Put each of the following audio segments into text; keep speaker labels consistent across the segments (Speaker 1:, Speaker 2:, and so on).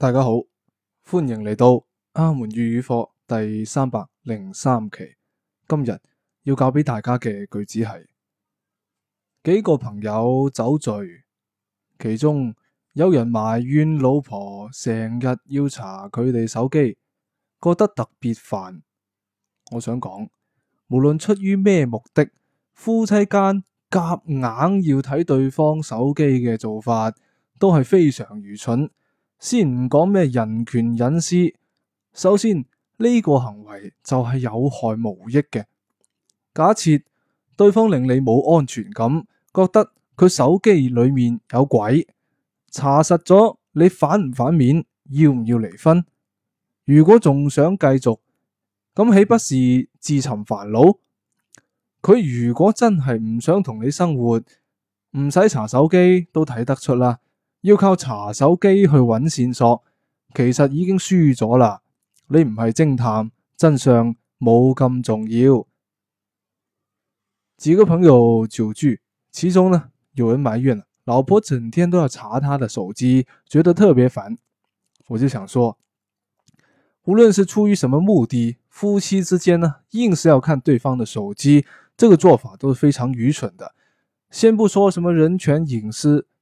Speaker 1: 大家好，歡迎嚟到阿門粵語課第三百零三期。今日要教俾大家嘅句子係：幾個朋友酒敘，其中有人埋怨老婆成日要查佢哋手機，覺得特別煩。我想講，無論出於咩目的，夫妻間夾硬要睇對方手機嘅做法，都係非常愚蠢。先唔講咩人權隱私，首先呢個行為就係有害無益嘅。假設對方令你冇安全感，覺得佢手機裏面有鬼，查實咗你反唔反面，要唔要離婚？如果仲想繼續，咁豈不是自尋煩惱？佢如果真係唔想同你生活，唔使查手機都睇得出啦。要靠查手機去揾線索，其實已經輸咗啦。你唔係偵探，真相冇咁重要。幾個朋友酒敘，其中呢有人埋怨老婆整天都要查他的手機，覺得特別煩。我就想說，無論是出於什麼目的，夫妻之間呢硬是要看對方的手機，這個做法都是非常愚蠢的。先不說什麼人權隱私。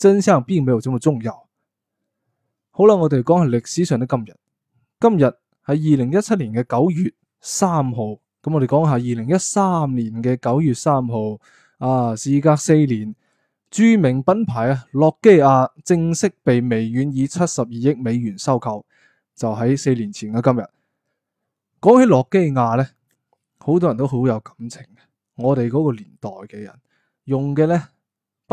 Speaker 1: 真相必未有走到終游。好啦，我哋講下歷史上的今日。今日係二零一七年嘅九月三號。咁我哋講下二零一三年嘅九月三號。啊，事隔四年，著名品牌啊，諾基亞正式被微軟以七十二億美元收購。就喺四年前嘅今日。講起諾基亞呢，好多人都好有感情。我哋嗰個年代嘅人用嘅呢。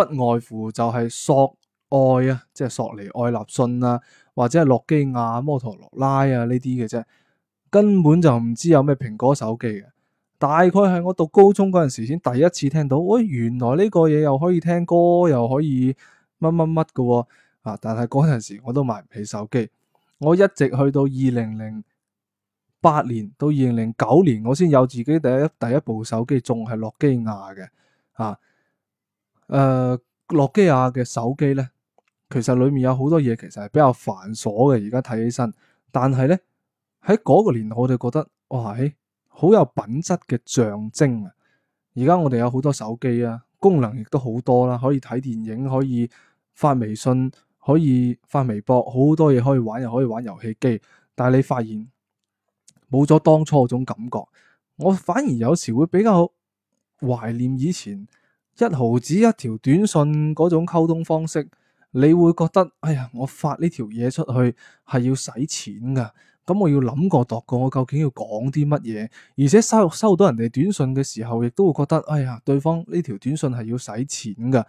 Speaker 1: 不外乎就係索愛啊，即係索尼、愛立信啊，或者係諾基亞、摩托羅拉啊呢啲嘅啫，根本就唔知有咩蘋果手機嘅。大概係我讀高中嗰陣時先第一次聽到，喂、哎，原來呢個嘢又可以聽歌，又可以乜乜乜嘅，啊！但係嗰陣時我都買唔起手機，我一直去到二零零八年到二零零九年，年我先有自己第一第一部手機，仲係諾基亞嘅，啊。誒，諾基亞嘅手機咧，其實裏面有好多嘢，其實係比較繁瑣嘅。而家睇起身，但係咧喺嗰個年代，我哋覺得，哇，係好有品質嘅象徵啊！而家我哋有好多手機啊，功能亦都好多啦，可以睇電影，可以發微信，可以發微博，好多嘢可以玩，又可以玩遊戲機。但係你發現冇咗當初嗰種感覺，我反而有時會比較懷念以前。一毫子一條短信嗰種溝通方式，你會覺得，哎呀，我發呢條嘢出去係要使錢噶，咁我要諗過度過，我究竟要講啲乜嘢？而且收收到人哋短信嘅時候，亦都會覺得，哎呀，對方呢條短信係要使錢㗎，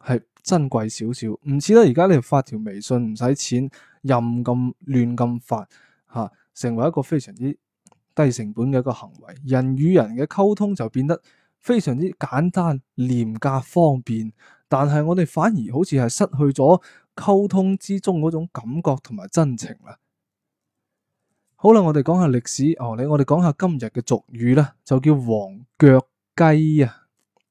Speaker 1: 係珍貴少少。唔似得而家你發條微信唔使錢，任咁亂咁發吓、啊，成為一個非常之低成本嘅一個行為，人與人嘅溝通就變得非常之簡單、廉價、方便，但係我哋反而好似係失去咗溝通之中嗰種感覺同埋真情啦。好啦，我哋講下歷史哦，你我哋講下今日嘅俗語啦，就叫黃腳雞啊。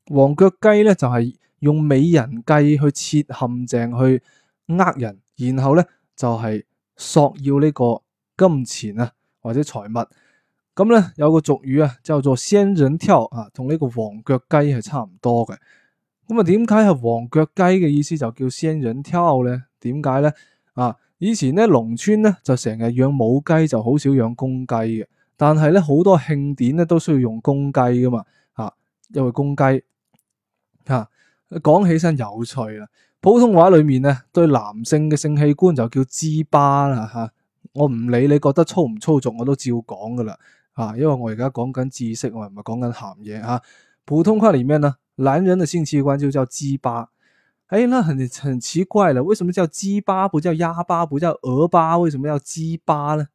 Speaker 1: 黃腳雞咧就係用美人計去設陷阱去呃人，然後咧就係索要呢個金錢啊或者財物。咁咧有個俗語啊，叫做仙人跳啊，同呢個黃腳雞係差唔多嘅。咁啊，點解係黃腳雞嘅意思就叫仙人跳咧？點解咧？啊，以前咧農村咧就成日養母雞，就好少養公雞嘅。但係咧好多慶典咧都需要用公雞噶嘛，啊，因為公雞啊，講起身有趣啊。普通話裏面咧對男性嘅性器官就叫滋巴啦吓。我唔理你覺得粗唔粗俗，我都照講噶啦。啊，因為我而家講緊知識，我唔係講緊鹹嘢吓、啊。普通話裏面呢，男人的性器官就叫雞巴。誒、欸，那很很奇怪啦，為什麼叫雞巴，巴，不叫鴨巴，不叫鵝巴？為什麼叫雞巴呢？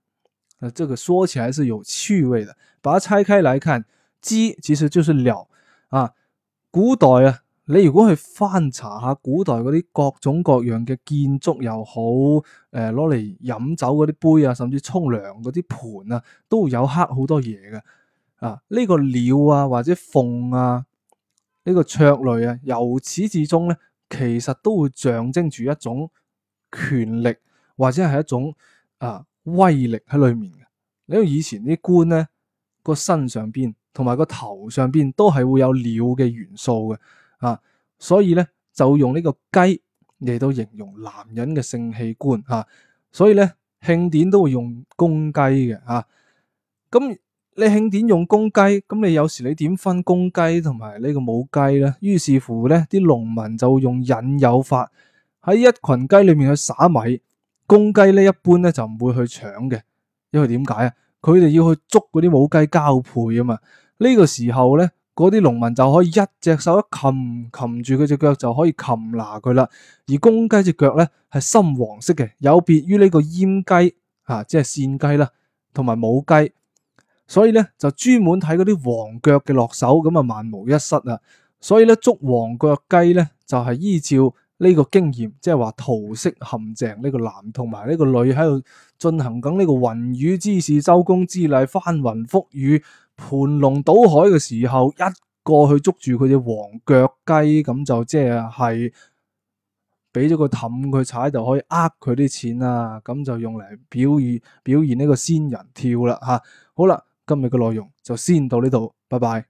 Speaker 1: 啊，這個說起來是有趣味的，把它拆開來看，雞其實就是鳥啊，古代啊。你如果去翻查下古代嗰啲各種各樣嘅建築又好，誒攞嚟飲酒嗰啲杯啊，甚至沖涼嗰啲盤啊，都有刻好多嘢嘅。啊，呢個鳥啊或者鳳啊，呢個雀類啊，由始至終咧，其實都會象徵住一種權力或者係一種啊威力喺裏面嘅。因為以前啲官咧個身上邊同埋個頭上邊都係會有鳥嘅元素嘅。啊，所以咧就用呢個雞嚟到形容男人嘅性器官啊，所以咧慶典都會用公雞嘅啊。咁你慶典用公雞，咁你有時你點分公雞同埋呢個母雞咧？於是乎咧，啲農民就用引誘法喺一群雞裏面去撒米，公雞咧一般咧就唔會去搶嘅，因為點解啊？佢哋要去捉嗰啲母雞交配啊嘛。呢個時候咧。嗰啲農民就可以一隻手一擒，擒住佢隻腳就可以擒拿佢啦。而公雞隻腳咧係深黃色嘅，有別於呢個閹雞，嚇、啊、即係扇雞啦，同埋母雞。所以咧就專門睇嗰啲黃腳嘅落手，咁啊萬無一失啊。所以咧捉黃腳雞咧就係，是，依照呢個經驗，即係話桃色陷阱呢個男同埋呢個女喺度進行緊呢個雲雨之事，周公之禮翻雲覆雨。盤龍倒海嘅時候，一過去捉住佢隻黃腳雞，咁就即係俾咗個氹佢踩就可以呃佢啲錢啦。咁就用嚟表，表現表現呢個仙人跳啦。吓，好啦，今日嘅內容就先到呢度，拜拜。